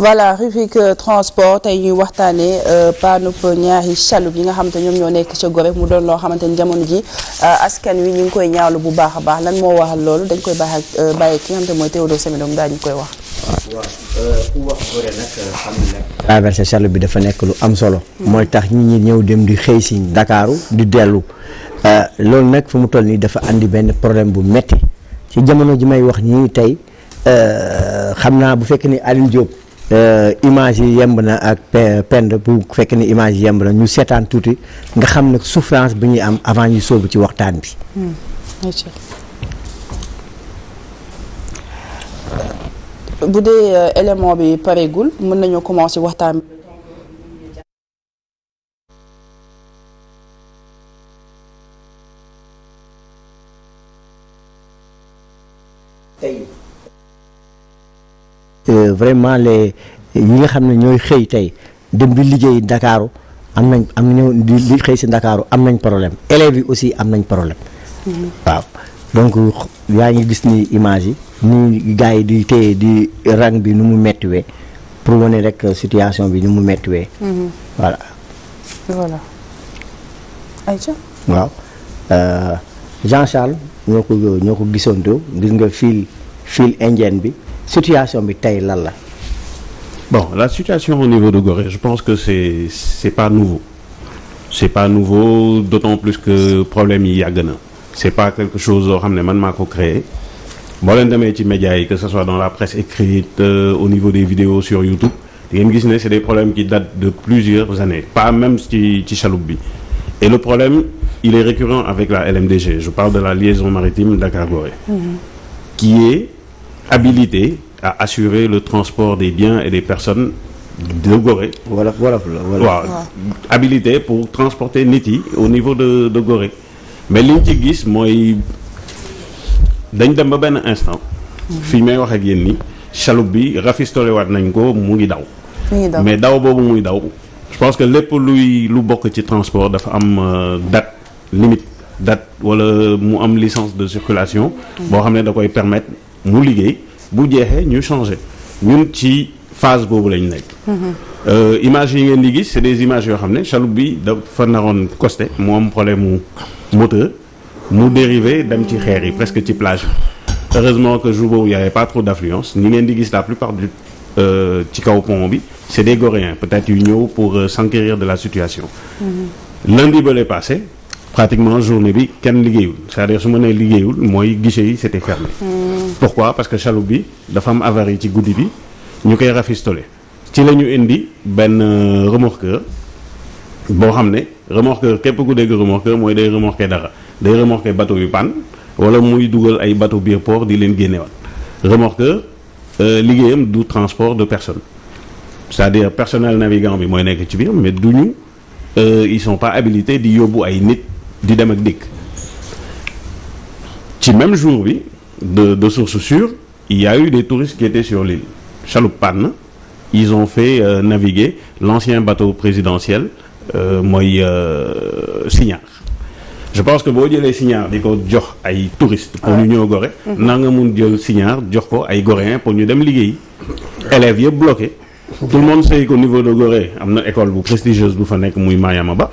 voilà rubrique transport tey ñuy waxtaanee euh, panub ñaari chaloupe yi nga xamante ñoom ñoo nekk ca Gorée mu doon loo xamante ni jamono ji euh, askan wi ñu ngi koy ñaawlu bu baax a baax lan moo waxal loolu dañ koy baax euh, bàyyi ki mooy Théodore Semedo daal koy wax. waaw ku bi dafa nekk lu am solo. mooy tax ñi ñi ñëw dem di xëy si Ndakaaru di dellu loolu nag fu mu toll nii dafa andi benn problème bu metti ci jamono ji may wax ñii tey xam naa bu fekkee ni Alioune Diop. Euh, image yi yemb na ak pend bu fekkee ne image yi yemb na ñu seetaan tuuti nga xam ne souffrance bi ñuy am avant ñu sóobu ci waxtaan bi. Hmm. bu dee euh, élément bi pareegul mën nañoo commencer waxtaan. vraiment les ñi nga xam ne ñooy xëy tey dem di liggéey Ndakaaru am nañ am ñëw di xëy si Ndakaaru am nañ problème élève yi aussi am nañ problème mm-hmm. waaw donc yaa ngi gis ni image yi ni gars yi di téye di rang bi nu mu méttiwee pour wane rek situation bi ni mu méttiwee mm-hmm. voilà waaw euh, Jean ñoo ko ñoo ko gisandoo gis nga fil fil indien bi situation bi tey lan la. bon la situation au niveau de Gorée je pense que c'est c'est pas nouveau c'est pas nouveau d'autant plus que problème yi yàgg na c'est pas quelque chose yoo xam ne man maa ko créé boo leen demee ci médias yi que ce soit dans la presse écrite euh, au niveau des vidéos sur YouTube da ngeen gis ne c'est des problèmes qui datent de plusieurs années pas même ci ci chaloupe bi et le problème il est récurrent avec la LMDG je parle de la liaison maritime Dakar-Gorée mm-hmm. qui est habilité à assurer le transport des biens et des personnes de Gorée. wala waaw habilité pour transporter nit yi au niveau de de Gorée mais li ñu ci gis mooy dañ dem ba benn instant. fii may wax ak yéen ni chaloupe bi rafistolewaat nañ ko mu ngi daw. mais daw boobu muy daw. je pense que lépp luy lu bokk ci transport dafa am euh, dat limite date wala mu am licence de circulation. Mm. boo xam ne da koy permettre. mu liggéey bu jeexee ñu changé ñun ci phase boobu lañ nekk. Euh, images yi ngeen di gis c'est des images yoo xam ne chaloupe bi dafa naroon costé mu am problème mu moteur mu dérivé dem ci xeer yi presque ci plage bi heureusement que jour boobu y avait pas trop d'affluence ñi ngeen di gis la plupart du euh, ci kaw pont bi c'est des Goréens peut-être ñëw pour euh, s'enquérir de la situation. Mm-hmm. lundi ba lay passé. pratiquement journée bi kenn liggéeyul c'est-à-dire su ma nee liggéeyul mooy gise yi c'était fermé. Hmm. pourquoi parce que chaloupe bi dafa am avarie ci guddi bi ñu koy rafistolé ci la ñu indi benn euh, remorqueur boo xam ne remorqueur képp ku dégg remorqueur mooy day remorquer dara day remorquer bateau yu panne wala muy dugal ay bateau bi port di leen génnewaat remorqueur euh, liggéeyam du transport de personne c'est-à-dire personnel navigant bi mooy nekk ci biir mais duñu euh, ils sont pas habilités di yóbbu ay nit. di dem ak dikk ci même jour bi de de source sûre il y a eu des touristes qui étaient sur l'île chaloupe panne ils ont fait euh, naviguer l'ancien bateau présidentiel euh, mooy euh, Signard je pense que boo jëlee Signard di ko jox ay touristes pour ñu ñëw nan mhm. na nga mun jël Signard jox ko ay Goréens pour ñu dem liggéey élèves yëpp bloqué tout le monde sait qu'au niveau de Gorée am na école bu prestigieuse bu fa nekk muy Mayama Ba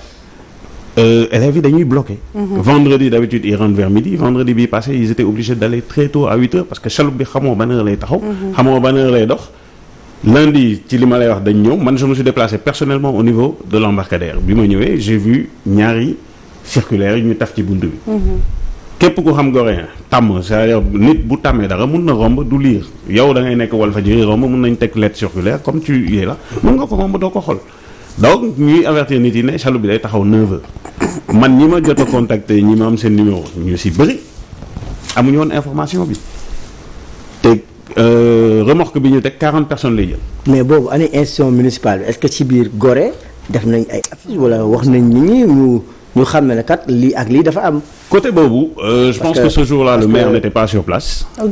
élèves euh, yi dañuy bloqué. Mhm. vendredi d'habitude ils rentrent vers vendredi bii passé ils étaient obligés d'aller très tôt à huit heures parce que chaloupe bi xamoo ban heure lay taxaw. Mhm. xamoo ban heure lay dox. lundi ci li ma lay wax dañ ñëw man je me suis déplacé personnellement au niveau de l'embarcadère bi ma ñëwee j'ai vu ñaari circulaires ñu taf ci bunt bi. Mhm. képp ku xam Gorée tàmm c'est-à-dire nit bu tàmmee dara mun na romb du lire yow da ngay nekk Walfadjri romb mun nañ teg lettre circulaire comme tu es là mun nga ko doo ko xool. donc ñuy avertir nit yi ne chaloupe bi day taxaw 9 heures man ñi ma jot a contacter ñi ma am seen numéro ñu si bëri amuñu woon information bi te euh, remorque bi ñu teg 40 personnes lay jël. mais boobu année institution municipale est-ce que ci biir gore def nañ ay affiches wala wax nañ nit ñi ñu. ñu xam ne ne kat lii ak lii dafa am. côté boobu euh, je pense que, ce jour-là le maire n'était pas sur place. il,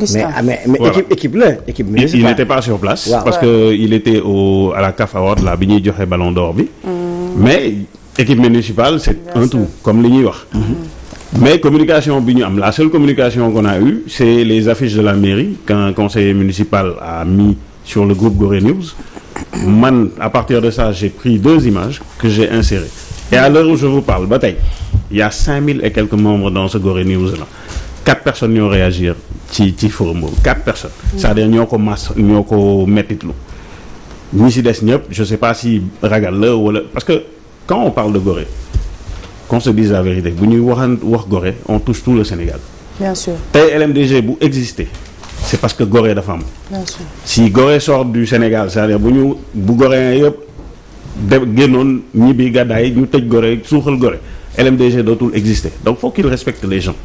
n'était pas sur place. parce ouais. était au à la CAF Award bi ñuy joxe ballon d'or bi. Mm. mais équipe municipale c'est un tout comme li ñuy wax. Mm-hmm. Mm-hmm. mais communication bi ñu am la seule communication qu'on a eue c'est les affiches de la mairie qu'un conseiller municipal a mis sur le groupe Gorée News man à partir de ça j'ai pris deux images que j'ai insérées. et à l'heure où je vous parle ba tey il y a cinq mille et quelques membres dans ce Gorée News là quatre personnes ñoo réagir ci ci forum boobu quatre personnes. Mm. c'est-à-dire ñoo ko mas ñoo ko mettitlu ñi si des ñëpp je sais pas si ragal la wala parce que quand on parle de Gorée qu'on se dise la vérité bu ñuy waxan wax Gorée on touche tout le Sénégal. bien sûr LMDG bu exister c'est parce que Gorée dafa am. bien sûr si Gorée sort du Sénégal c'est-à-dire bu ñu bu Goréen yëpp. de génnoon ñibbi gàddaay ñu tëj Gorée suuxal Gorée LMDG dootul exister donc faut qu'il respecte les gens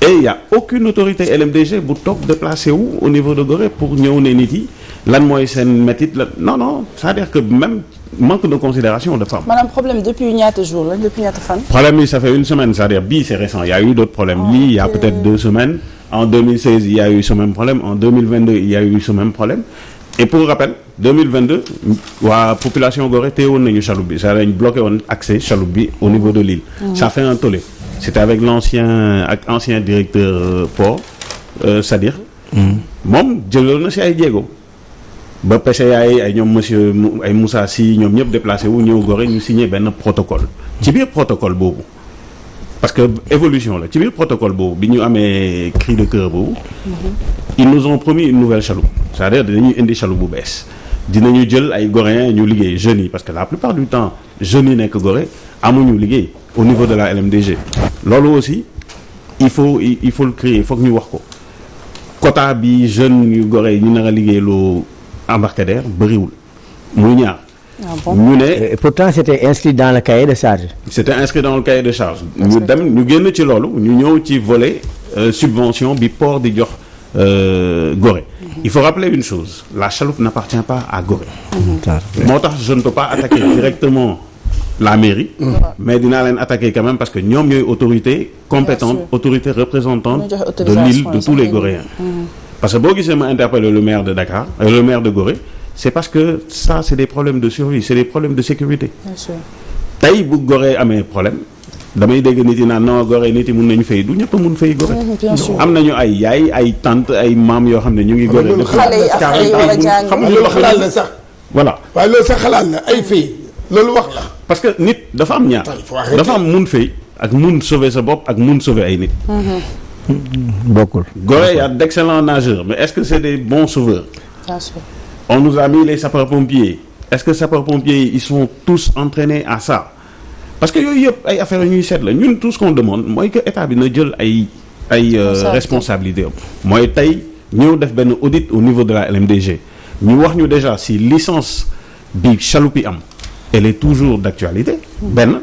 et il y a aucune autorité LMDG bu toog déplacé wu au niveau de Gorée pour ñëw ne nit yi lan mooy seen métit la non non c'est-à-dire que même manque de considération de femme. maanaam problème depuis ñaata jours la depuis ñaata fan. problème une semaine c'est-à-dire bii y a eu d'autres problèmes lii y a peut-être deux en y a eu ce même problème en y a eu ce même problème et pour rappel 2022 waa population Gorée téye woon nañu chaloupe bi ça dañ bloqué woon accès chaloupe bi au niveau de l'île mmh. ça tole un tollé c'était avec l'ancien ak ancien directeur euh, port euh, c'est-à-dire mmh. moom jëloon na si ay jéego ba PCA yi ay ñoom monsieur ay Moussa Sy ñoom ñëpp déplacé wu ñëw Gorée ñu signé benn protocole ci biir protocole boobu parce que évolution la ci biir protocole boobu bi ñu amee cri de cœur boobu ils nous ont promis une nouvelle chaloupe c'est-à-dire dinañuy indi chaloupe bu bees dinañu jël ay goréen ñu liggéey jeunes yi parce que la plupart du temps jeunes yi nekk Gorée amuñu liggéey au niveau de la LMDG loolu aussi il faut il faut le créer il faut que ñu wax ko quota bi jeune yu Gorée ñu nar a liggéey loo embarcadère bëriwul muy Ah ñu ne pourtant c'était inscrit dans le cahier de charge c'était inscrit dans le cahier de charge ñu dem ñu génn ci loolu ñu ñëw ci volet euh, subvention bi port di jox euh, Gorée il faut rappeler une chose la chaloupe n'appartient pas à Gorée mm-hmm. moo tax je ne peux pas attaquer directement la mairie mmh. mais dinaa leen attaquer quand même parce que ñoom ñooy autorité compétente autorité représentante de l'île de tous les Goréens mm. parce que boo gisee ma interpeller le de Dakar euh, le maire de Gorée c'est parce que ça c'est des problèmes de survie c'est des problèmes de sécurité. bien sûr tey bu Gorée amee problème damay dégg nit yi naan non Gorée nit yi mun nañu fay du ñëpp mun fay Gorée. am nañu ay yaay ay tante ay maam yoo xam ne ñu ngi. Gorée def xam loolu xalaat la sax. voilà waaye loolu ay fay loolu wax la. parce que nit dafa am ñaar dafa am mun fay ak mun sauver sa bopp ak mun sauver ay nit. Mm-hmm. bokkul. Gorée y a d'excellents nageurs mais est-ce que c'est des bons sauveurs. on nous a mis les sapeurs-pompiers est-ce que sapeurs-pompiers yi ils sont tous entraînés à ça parce que yooyu yëpp ay affaires ñuy seet la ñun tout ce qu'on mooy que état bi na jël ay ay euh, responsabilité mooy tey ñëw def benn audit au niveau de la LMDG ñu wax ñu déjà si licence bi chaloupe yi am elle est toujours d'actualité benn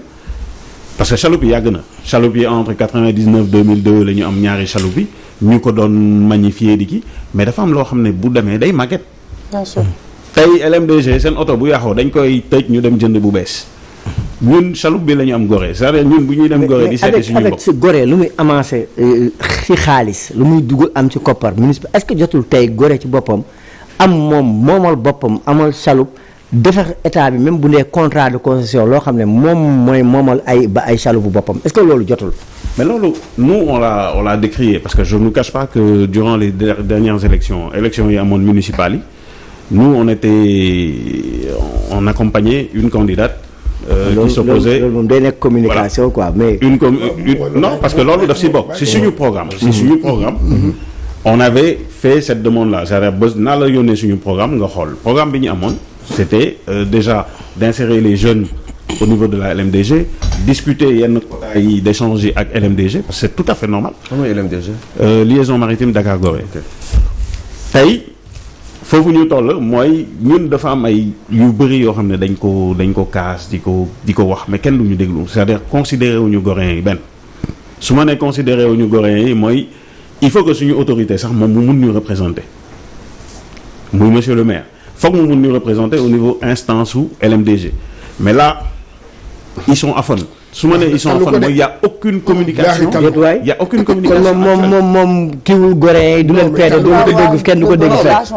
parce que chaloupe yi yàgg na chaloupe yi entre 99 2002 la ñu am ñaari chaloupe yi ñu ko doon magnifier li ki mais dafa am loo xam ne bu demee day màgget bien tey LMDG seen oto bu yàqoo dañ koy tëj ñu dem jënd bu bees. ñun chaloupe bi la ñu am Gorée sa à ñun bu ñuy dem Gorée di seete suñu lu muy amancé ci euh, lu muy dugg am ci koppar ministre est-ce que jotul tey Gorée ci boppam am moom moomal boppam amal chaloupe defer état bi même bu dee contrat de concession loo xam ne moom mooy moomal ay ba ay chaloupe bu boppam est-ce loolu jotul. mais loolu nous on l'a on l'a décrié parce que je ne cache pas que durant les dernières élections élections yi amoon municipales yi. nous on était on accompagnait une candidate. Euh, loolu loolu moom day nekk communication quoi mais. une com une non parce que loolu daf si bokk si suñu programme. si suñu programme. Mhm. on avait fait cette demande là c'est-à-dire bés naa la yónnee suñu programme nga xool programme bi ñu amoon. c'était euh, déjà d'insérer les jeunes au niveau de la LMDG discuter yenn quotas yi d'échange yi ak LMDG parce que c'est tout à fait normal. xam nga LMDG. Euh, liaison maritime Dakar Gorée. tey. foofu ñu toll mooy ñun dafa am ay yu bëri yoo xam ne dañ ko dañ ko kaas di ko di ko wax mais kenn du ñu déglu c'est-à-dire considéré wuñu goréen yi benn su ma nee considéré ñu goréen yi mooy il faut que suñu autorité sax moom mu mun ñu représenter muy monsieur le maire foog mu mun ñu représenter au niveau instance su LMDG mais là ils sont affamés su ma nee ils sont en fan y' a aucune communication. y' a aucune communication. kon moom moom mom kiiwul goree du leen peete kenn du ko dégg fekk.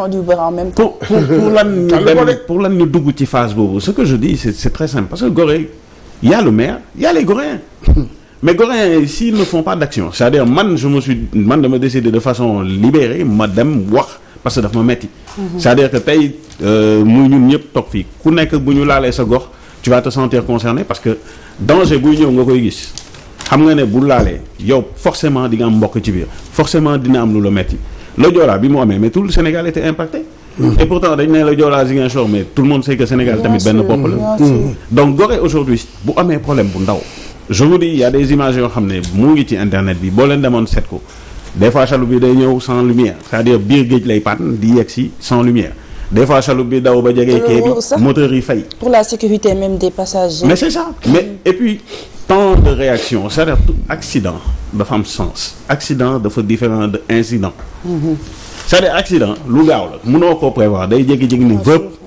pour pour lan ñu pou pour lan ñu dugg ci phase boobu ce que je dis c' très simple parce que goree y' a le maire y' a les mais goréens si ne font pas d' action à dire man je me suis man dama décidé de façon libérée ma dem wax. parce que daf ma metti mhm. c'est-à-dire que euh, ñëpp toog ku nekk bu ñu laalee sa gox tu vas te sentir concerné parce que danger buy ñëw nga koy gis xam nga ne bu laalee yow forcément di nga am mbokk ci biir forcément dina am lu la metti la Joola bi mu amee mais tout le Sénégal était impacté mm. et pourtant dañ ne la Joola Ziguinchor mais tout le monde sait que Sénégal tamit benn bopp la mm. donc Gorée aujourd'hui bu amee problème bu ndaw je vous dis des images yoo xam ne mu ngi ci internet bi boo leen demoon seet ko des fois chaloupe bi day ñëw sans lumière c'est-à-dire biir géej lay pa di yegg si sans lumière des fois chaloupe bi daw ba jege. Euh, kii bi moteur yi fay. pour la sécurité même des passagers. mais c'est ça mm. mais et puis temps de réaction c'est-à-dire accident dafa am sens accident dafa différent de incident. Mm-hmm. c'est-à-dire accident lu gaaw la mënoo ko prévoir day jékki-jékki ni vëpp.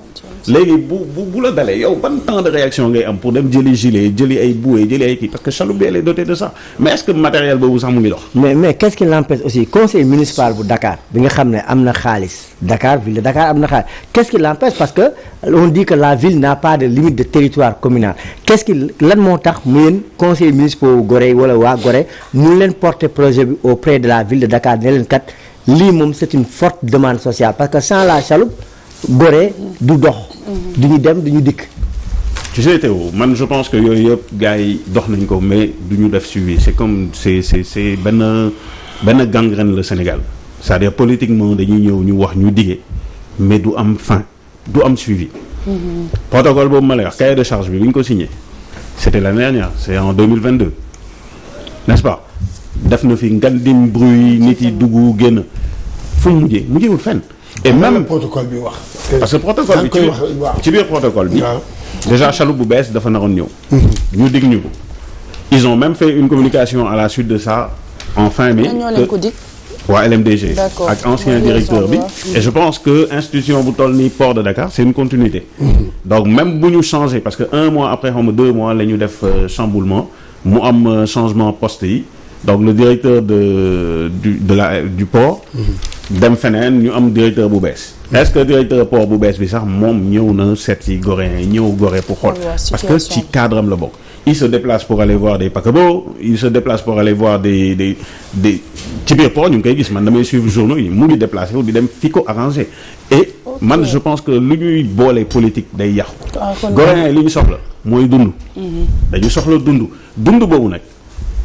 léegi bu bu bu la dalee yow ban temps de réaction ngay am pour dem jëli gilet jëli ay bouée jëli ay kii parce que chaloupe bi elle est dotée de ça mais est-ce que matériel boobu sax mu ngi dox. mais mais qu'est-ce qui aussi conseil municipal bu Dakar bi nga xam ne am na xaalis Dakar ville de Dakar am na xaalis qu'est-ce qui parce que on dit que la ville n'a pas de limite de territoire communal qu'est-ce lan moo tax mu yéen conseil municipal bu Gorée wala waa Gorée leen porter projet bi auprès de la ville de Dakar ne leen kat lii moom demande sociale parce que sans la chaloupe Gorée du dox. du ñu dem du ñu dikk. tu sais Théo man je pense que yooyu yëpp gars yi dox nañ ko mais du ñu def suivi c' est comme c' est benn benn gangrène le Sénégal c' est à dire politiquement dañuy ñëw ñu wax ñu dige mais du am fin du am suivi. Mm-hmm. protocole boobu ma lay wax cahier de charge bi bi ñu ko signé c' était l' année dernière c' est en 2022 n' est ce pas def na fi ngandim bruit nit yi dugg génn fu mu mujjee mujjewul fenn. et même protocole bi wax. parce que protocole bi ci biir protocole bi. déjà chaloupe bu bees dafa naroon ñëw. Mhm. ñu dig ñu. ils ont même fait une communication à la suite de ça en fin mai. Ah, waa LMDG. ak ancien directeur bi. et je pense que institution bu toll nii port de Dakar c'est une continuité. Mhm. donc même bu ñu changé parce que un mois après xam deux mois la ñu def euh, chamboulement mu am euh, changement poste yi. donc le directeur de du de la du port. Mhm. dem feneen ñu am directeur bu bees. est-ce que directeur port bu bees bi sax moom ñëw na seet si goréen yi ñëw goré pour xool. parce que si cadre m la bokk. il se déplace pour aller voir des paquebots il se déplace pour aller voir des des des ci biir port ñu ngi koy gis man damay suivre journaux yi mu ngi déplacé wu di dem fi ko arrangé man je pense que lu ñuy boole politique day yàqu. Ah, goréen yi li ñu soxla mooy dund. Mhm. dañu soxla dund dund boobu nag.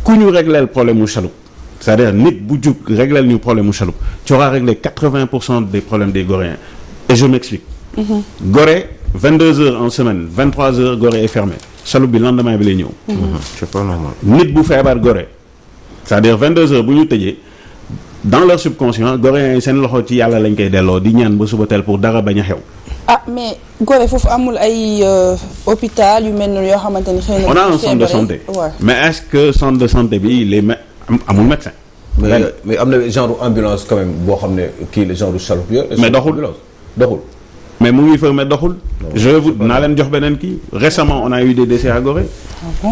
ku ñu régleel problème mu chaloupe c'est-à-dire nit bu jug régleel ñu problème mu chaloupe tu auras réglé quatre-vingts pour cent des problèmes des Goréens et je m'explique mm -hmm. vingt-deux heures en semaine vingt-trois heures Gorée est fermée bi lendemain bi lay ñëw mm-hmm. Mm-hmm. c'est nit bu feebar gore c'est-à-dire vingt-deux heures bu ñu tëjee dans leur subconscient Goréens yi seen loxo ci yàlla lañ koy delloo di ñaan ba suba teel pour dara bañ a xew ah mais Gorée foofu amul ay euh, hôpital yu mel noonu yoo xamante na. on a un centre de santé. mais est-ce que centre de santé bi les me amul médecin. mais mais am na genre ambulance quand même boo xam ne kii la genre chaloupe mais doxul doxul. mais mu ngi fa mais doxul. je vous naa leen jox beneen kii récemment on a eu des décès à Gorée. Ah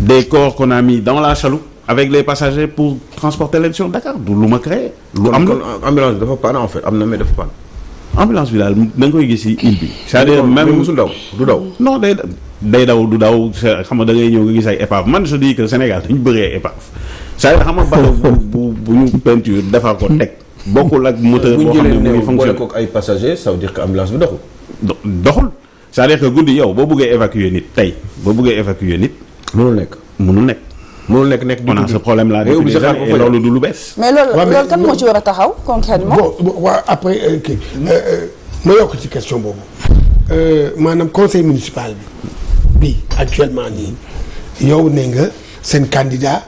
des corps qu'on a mis dans la chaloupe. avec les passagers pour transporter leen sur Dakar du lu ma créé. lu am ambulance dafa panne en am na mais dafa panne. ambulance bi daal da nga koy gis yi île bi c'est-à-dire même musul daw du daw non day day daw du daw xam nga da ngay ñëw nga gis ay épave man je dis que Sénégal dañu bëri ay épave c'est-à-dire xam nga bateau bu bu ñu peinture defar ko teg bokkul ak moo boo xam ne mu ngi fonctionné ko ay passager ça veut dire que ambulance bi doxul doxul cest à guddi yow boo bëggee évacuer nit tey boo bëggee évacuer nit mënul nekk mënul nekk mënul nekk nekk du ce problème là loolu du lu bees. mais loolu loolu kan moo ci war a taxaw concrètement. bon waaw après euh, kii euh, euh, ma ci question boobu maanaam conseil municipal bi bi actuellement nii yow ne nga seen candidat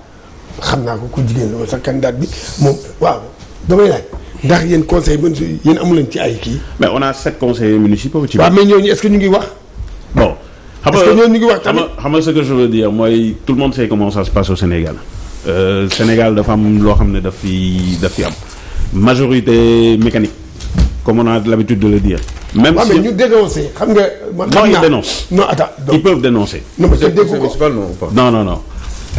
xam naa ko ku jigéen la sax candidat bi moom waaw damay laaj. ndax yéen conseil municipal yéen amu leen ci ay kii. mais on a sept conseillers municipaux. ci waaw mais ñooñu est-ce ñu ngi wax. xam nga ñoom xam nga ce que je veux dire mooy tout le monde sait comment ça se passe au Sénégal. Euh, Sénégal dafa am loo xam ne daf fi daf fi am majorité mécanique comme on a l'habitude de le dire. même si ñu dénoncer xam nga. man xam naa non attends ils peuvent dénoncer. non non non non.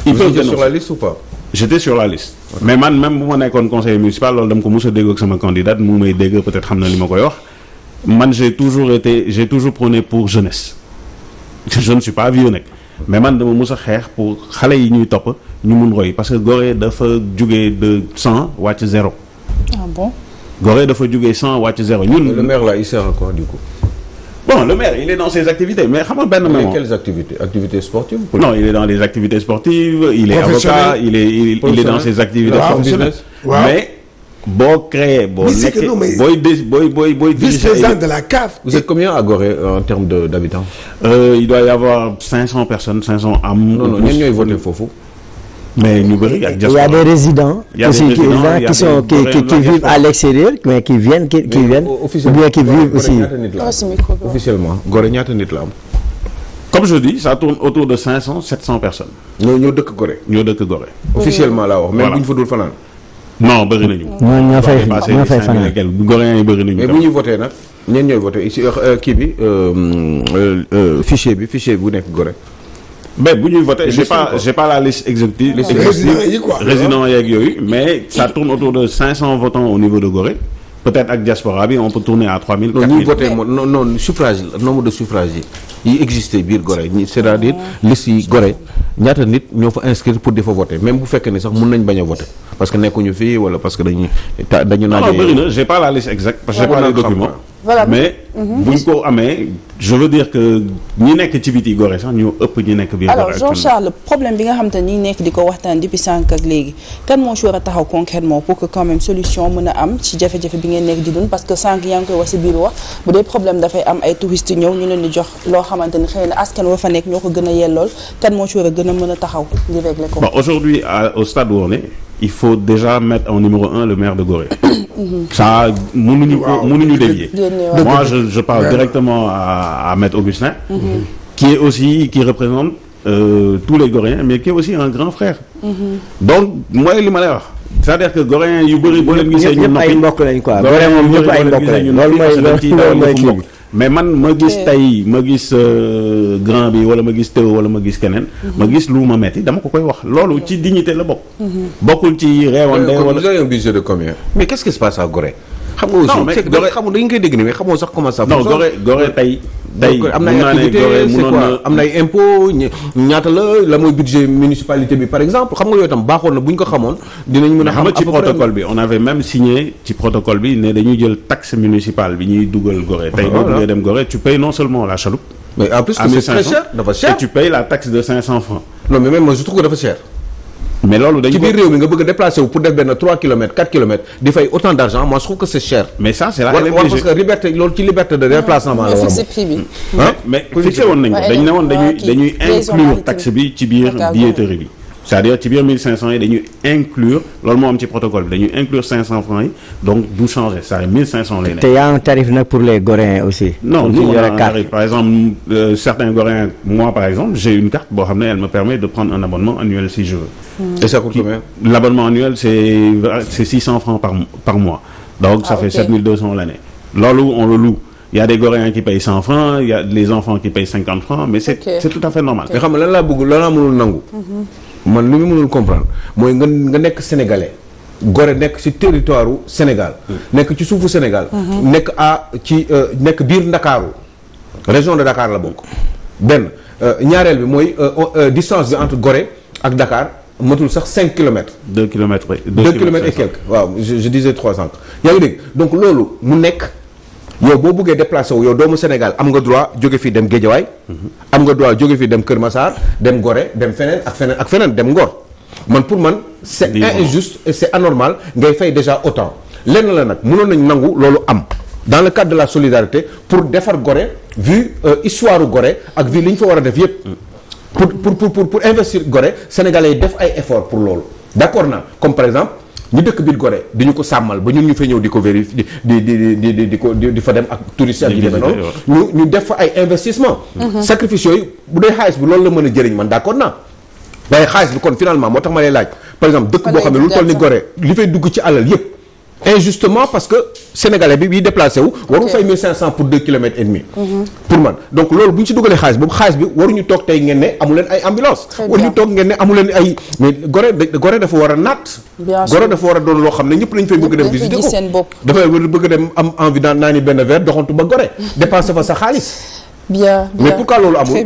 ils sur la liste ou pas. j'étais sur la liste. mais man même bu ma nekkoon conseiller municipal loolu dama ko mos a dégg ak sama candidate mu may dégg peut-être xam na li ma koy wax man j'ai toujours été j'ai toujours prôné pour jeunesse. je ne suis pas vieux nag mais man dama mus a xeex pour xale yi ñuy topp ñu mun roy parce que Gorée dafa jugee de cent wàcc zéro. ah bon. Gorée dafa jugee cent wàcc zéro ñun. le maire là il sert à quoi du coup. bon le maire il est dans ses activités mais xam nga benn. mais quelles activités activités sportives. non il est dans les activités sportives. il est avocat il est dans ses activités. professionnelles boo créé boo nekkee booy dé booy booy booy. vice-président de la CAF. vous êtes combien à Gorée euh, en termes de d'habitants. Euh, il doit y avoir 500 personnes 500 am. non non ñun ñooy voté foofu. mais ñu bëri ak diaspora il y a des résidents. il y a des résidents aussi qui sont qui qui qui vivent à l'extérieur mais qui viennent qui qui viennent. officiellement qui vivent aussi. officiellement Gorée ñaata nit la am. comme je dis ça tourne autour de 500 700 personnes. ñoo ñoo dëkk Gorée. ñoo dëkk Gorée. officiellement laa wax. voilà même bu ñu fa dul fanaan. non bëri nañu. ñooñu ñoo fay ñoo fay fanaan goréen yi bëri nañu. mais bu ñuy voté nag ñeen ñooy voté si euh, euh, kii bi euh, fichier bi fichier bu nekk Gorée. mais bu ñuy voté j'ai pas j'ai pas la liste exhaustive. résidents yi quoi résidents yeeg yooyu mais ça tourne de de 500 votants au niveau de Gorée. peut-être ak diaspora bi on peut tourner à 3000. 4000 non ñuy voté moom non suffrage la nombre suffrage yi yi existé biir Gorée c'est-à-dire liste yi Gorée ñaata nit ñoo fa inscrire pour di fa voter même bu fekkee ne sax mun nañ bañ a voter que nekkuñu fii wala parce dañu. naan dañu bëri na pas la liste exacte parce que j'ai pas les documents voilà mais. Mhm. buñ ko amee je veux dire que ñi nekk ci biti Gorée sax ñoo ëpp ñi nekk biir. alors Jean Charles problème bi nga xam te ni nekk di ko waxtaan depuis sànq ak léegi kan moo ci war a taxaw concrètement pour que quand même solution mën a am ci jafe-jafe bi ngeen nekk di dund parce que sànq yaa ngi koy wax ci biir wax bu dee problème dafay am ay touristes ñëw ñu leen jox loo xamante ni xëy na askan wa fa nekk ñoo ko gën a yellool kan moo ci war a mën a taxaw di régler il faut déjà mettre en numéro un le maire de Gorée. ça mënuñu ko mënuñu dévier. moi je je parle directement à à maître Augustin. Mhm. Mhm. qui est aussi qui représente euh, tous les Goréens mais qui est aussi un grand frère. Mhm. donc mooy li ma lay wax. c'est-à-dire que Goréen yu bëri boo leen gisee. ñun ñëpp ay mais man ma gis tey ma gis euh, grand bi wala ma gis teew wala ma gis keneen. Mhm. ma gis lu ma metti dama ko koy wax loolu ci dignité la bokk. Mhm. bokkul ci réewande euh, wala. vous avez un budget de combien. mais qu'est-ce qui se passe à Gorée. xam nga xamul dañ koy dégg nii mais xamoo sax comment ça. non Gorée tey. tey am na ay activité c'est quoi am na ay impôt ñaata la la mooy budget municipalité bi par exemple xam nga yooyu tam baaxoon na bu ñu ko xamoon dinañ mën a xam ci protocole bi on avait même signé ci protocole bi ne dañuy jël taxe municipale bi ñuy dugal Gorée tey boo duggee dem Gorée tu payes non seulement la chaloupe mais en plus que c'est très cher dafa cher tu payes la taxe de 500 francs non mais même moi je dafa cher mais loolu dañ biir réew mi nga bëgg a wu pour def benn 3 kilomètres 4 kilomètres di fay autant d' argent moi je trouve que c' cher. mais ça la LMDG parce que liberté loolu ci liberté de déplacement la war a bokk. fixé prix bi. mais fixé woon nañu ko dañu ne woon dañuy dañuy inclure taxe bi ci biir billetterie bi. c'est-à-dire ci biir 1500 yi dañuy inclure loolu ci protocole bi inclure 500 francs yi donc du changer c'est-à-dire 1500 lay nekk. te y a tarif nag pour les goréens aussi. non nous tarif par exemple euh, certains goréens moi par exemple j'ai une carte boo ne elle me permet de prendre un abonnement annuel si je veux. Mm. et c'est c'est par par donc ça ah, fait 7200 l'année. loolu on le loue. Il y a des y a les enfants qui payent man li mu mënul comprendre mooy nga nga nekk sénégalais Gorée nekk ci territoire u Sénégal nekk ci suufu Sénégal mhm. nekk à ci euh, nekk biir Ndakaaru région de Dakar la bokk benn euh, ñaareel bi mooy euh, distance bi entre Gorée ak Dakar matul sax cinq kilomètres deux kilomètres deux kilomètres et quelques waaw je disais trois cent yaa ngi dégg donc loolu mu nekk yow boo buggee déplacé wu yow doomu Sénégal am nga droit jóge fii dem Géejawaay am nga droit jóge fii dem Kër Massar dem gore dem feneen ak feneen ak feneen dem Ngor man pour man c'est injuste et c'est anormal ngay fay déjà autant lenn la nag mënoon nañ nangu loolu am dans le cadre de la solidarité pour defar Gorée vu euh, histoire Gorée ak vu li ñu fa war a def yépp pour pour pour pour investir Gorée sénégalais yi def ay effort pour loolu d'accord naa comme par exemple ñu dëkk biir Gorée di ñu ko sàmmal ba ñun ñu fa ñëw di ko vérifier di di di di di ko di fa dem ak touriste ak yu demee noonu ñu ñu def fa ay investissement mhm. sacrifice yooyu bu dee xaalis bi loolu la mën a jëriñ man d'accord naa waaye xaalis bi kon finalement moo tax ma lay laaj par exemple dëkk boo xam ne lu toll ni Gorée li fay dugg ci alal yépp injustement parce que sénégalais bi biy déplacé wu. waru fay 1500 pour 2 kilomètres et demi. Mhm. pour man donc loolu bu ñu ci dugalee xaalis boobu xaalis bi waruñu toog tey ngeen ne amu leen ay ambulance waruñu toog ngeen ne amu leen ay mais Gorée dafa war a naat. Gorée dafa war a doon loo xam ne ñëpp dañu fay bëgg dem. visité ko dafay bëgg dem am envie daan naa ni benn verre doxantu ba Gorée. dépenser fa sa xaalis. bien bien mais loolu amul.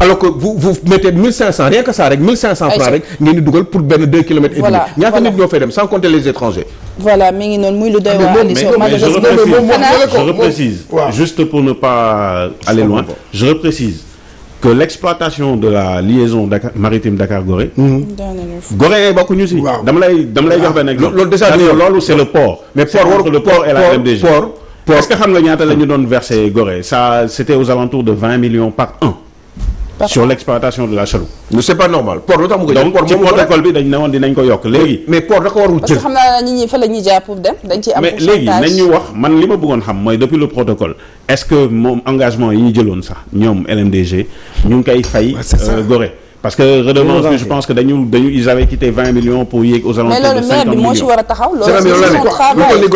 alors que vous vous mettez 1500 rien que ça rek 1500 francs rek ngeen di dugal pour benn 2 kilomètres et demi. voilà ñaata nit sans compter les étrangers. je reprécise juste pour ne pas aller loin je reprécise que l'exploitation de la liaison Dakar maritime Dakar Gorée. Mhm. Gorée yi bokkuñu si. waaw dama lay dama lay jox benn ah, exemple. loolu déjà loolu le port. mais port war le port et la MDG. port est ñaata la ñu doon verser Gorée ça de 20 millions par an. sur l'exploitation de la chaloupe. c'est pas normal port lu tax mu ko jël ci protocole bi dañ ne woon dinañ ko yokk léegi. mais port da ko warul jël parce que xam naa nit ñi fa la ñuy jaar dem dañ ciy am. mais léegi nañ wax man li ma bëggoon xam mooy depuis le protocole est-ce que moom engagement yi ñu jëloon sax ñoom LMDG ñu ngi koy fay euh, gore parce que redevance bi je pense que dañu ils avaient quitté millions pour yéeg aux alentours de 50 millions mais loolu maire bi moo ci war a taxaw loolu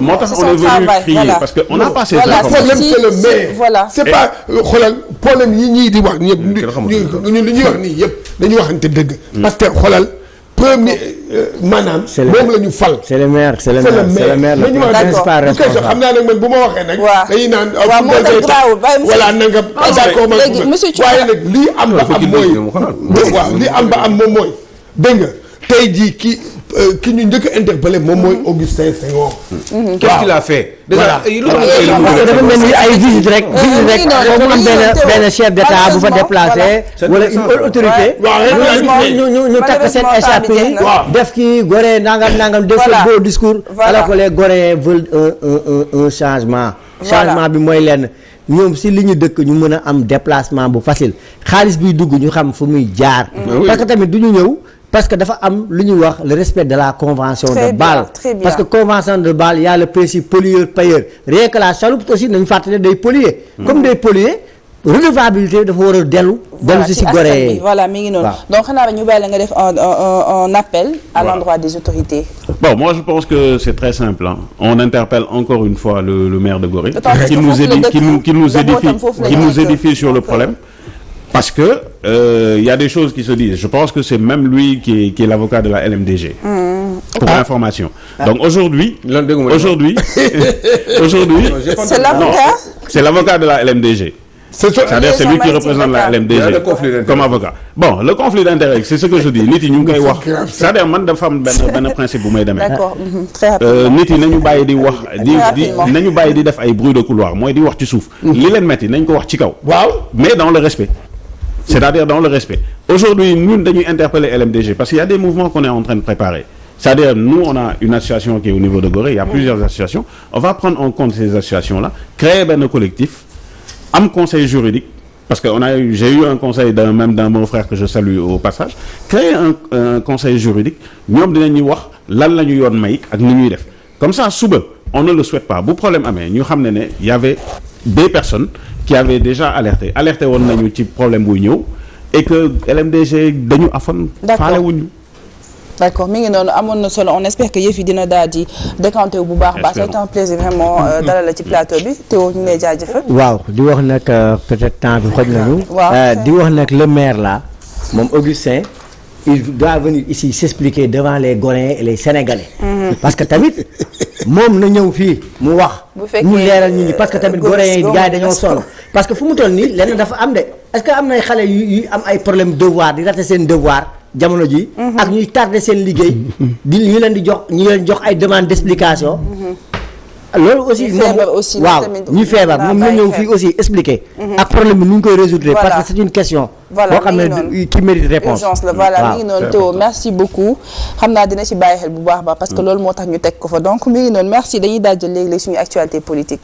moo tax on est venu crier parce que on a passé problème c'est le maire c'est pas euh, xoolal problème yi ñii di wax ñëpp yëpp dañu waxante dëgg hmm. parce que xoolal premier euh, maanaam. moom la ñu fal. c'est le maire c'est le maire c'est le maire a xam naa nag man bu ma waxee nag. lii am ba am mooy. waaw tey jii kii Euh, ki ñu njëkk a moom mooy mm-hmm. Augustin Senghor. Mm-hmm. waaw qu'est-ce qu'il a fait. voilà dafa mel ni ay visite rek. Mm-hmm. visite rek boo def ki Gorée nangam nangam. def ce beau discours. alors que les Goréens veulent un un changement. changement bi mooy lenn. ñoom si li ñu dëkk ñu mën a am déplacement bu facile xaalis biy dugg ñu xam fu muy jaar. parce tamit du ñëw. parce que dafa am lu ñuy wax le respect de la convention très de Bâle parce que convention de Bâle y a le principe payeur rien que la chaloupe aussi nañ fàttali day polluer hmm. comme day polluer redevabilité dafa war dellu dellu si si goree voilà mi ngi noonu donc xanaa nga def un un appel je pense que c'est très simple on interpelle encore une fois le, maire de Gorée qui nous édifie sur le problème parce que euh, y a des choses qui se disent je pense que c'est même lui qui est, qui l'avocat de la LMDG mmh. pour ah. information ah. donc aujourd'hui aujourd'hui aujourd'hui c'est l'avocat de la LMDG cest à lui qui représente la LMDG comme avocat bon le conflit d'intérêt c'est ce que je dis nit yi ñu ngi koy wax c'est-à-dire man dafa am benn benn principe bu may demee mmh, mmh. Euh, nit yi nañu bàyyi di wax di na nañu bàyyi di def ay bruit de couloir mooy di wax ci suuf mmh. li leen metti nañ ko wax ci kaw waaw mais dans le respect c'est-à-dire dans le respect aujourd'hui ñun dañuy interpeller LMDG parce qu'il y a des mouvements qu'on est en train de préparer c'est-à-dire nous on a une association qui est au niveau de Gorée il y a plusieurs associations on va prendre en compte ces associations-là créer benn conseil juridique parce que on a eu j'ai eu un conseil d'un même frère que je salue au passage créer un, conseil juridique ñoom dinañuy wax lan la ñu yoon may ak ni ñuy def comme ça suba on ne le souhaite pas bu problème amee ñu xam ne ne y avait des personnes qui avaient déjà alerté alerté woon nañu ci problème buy ñëw et que LMDG dañu afoon faalewuñu d' accord mi ngi noonu amoon na solo on espère que yëf yi dina daal di décanté bu baax baax c'est un plaisir vraiment euh, mm-hmm. dalal la ci plateau bi Théo ñu ngi waaw di wax nag euh, peut-être temps bi xoj nañu euh, di wax nag le maire la moom Augustin il doit venir ici s'expliquer devant les Goréens et les Sénégalais mm. Mm-hmm. parce que tamit moom na ñëw fii mu wax. mu leeral nit ñi parce que tamit goréen yi gars yi dañoo sonn parce que fu mu toll nii lenn dafa am de est-ce que am na ay xale yu am ay problème devoir di rater seen devoir. jamono ji mm-hmm. ak ñuy tardé seen liggéey. Mm-hmm. ñu leen di jox ñu leen jox ay demande d'explication. loolu aussi moom waaw ñu feebar moom na ñëw fii aussi expliquer. ak problème bi nu ñu koy résoudre parce que c'est une question. voilà boo xam ne qui mérite réponse urgence la voilà mi ngi noonu Théo merci beaucoup xam naa dina ci bàyyi xel bu baax baax parce que mm. loolu moo tax ñu teg ko fa donc mi ngi noonu merci dañuy daal jël léegi-léegi suñu actualité politique